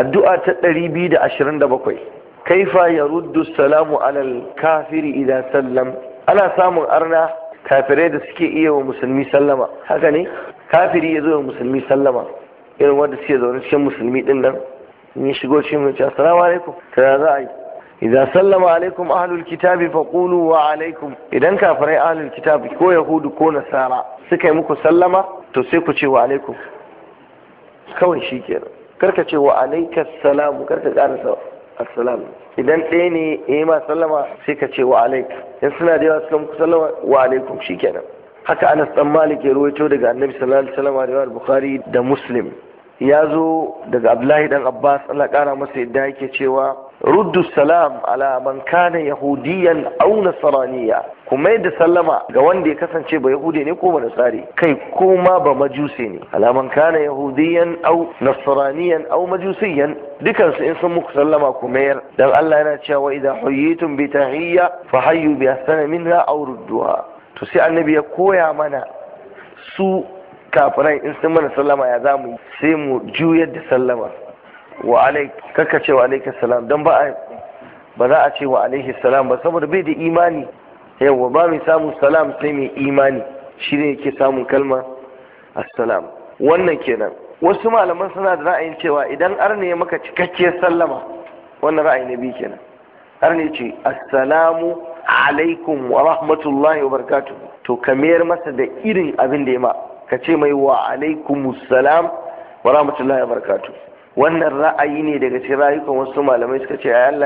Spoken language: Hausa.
addu'a ta ɗari biyu da da ashirin 227 kaifa yaruddu salamu alal kafiri idan sallam ana samun arna kafirai da suke iya wa musulmi sallama haka ne kafiri ya zo wa musulmi sallama irin wanda suke zaune cikin musulmi ɗin nan in yi shigo cikin mace assalamu alaikum ta za a yi idan sallama alaikum ahalul kitabi fa kulu wa alaikum idan kafirai ahalul kitabi ko yahudu ko nasara suka yi muku sallama to sai ku ce wa alaikum kawai shi kenan karka ce wa alaika salamu karka karasa salamu. idan ɗaya ne ya yi ma sallama sai ka ce wa alaika in suna da yawa suka muku sallama wa alaikum shikenan haka anas dan malik ya ruwaito daga annabi sallallahu alaihi wasallam da bukhari da muslim ya zo daga abdullahi dan abbas allah kara masa yadda yake cewa ruddu salam ala man kana yahudiyan aw nasraniya kuma yadda sallama ga wanda ya kasance ba Yahudi ne ko ba nasari kai kuma ba Majusi ne ala man kana yahudiyan aw nasraniyan aw majusiyan su in sun muku sallama ku mayar dan allah yana cewa idan huyitum bi tahiyya fa hayyu bi ahsani minha aw rudduha to sai annabi ya koya mana su kafiran in sun mana sallama ya za mu sai mu juyar da sallama wa alaik kaka ce wa alaikas salam don ba ba za a ce wa alaihi salam ba saboda bai da imani yawwa ba mai samun salam sai mai imani shi ne yake samun kalma assalam wannan kenan wasu malaman suna da ra'ayin cewa idan arne ya maka cikakkiyar sallama wannan ra'ayi na biyu kenan arne ce assalamu alaikum wa rahmatullahi wa barakatuh to ka mayar masa da irin abin da ya ma ka ce mai wa alaikumussalam wa rahmatullahi wa barakatuh wannan ra'ayi ne daga cikin rayukan wasu malamai suka ce ayi Allah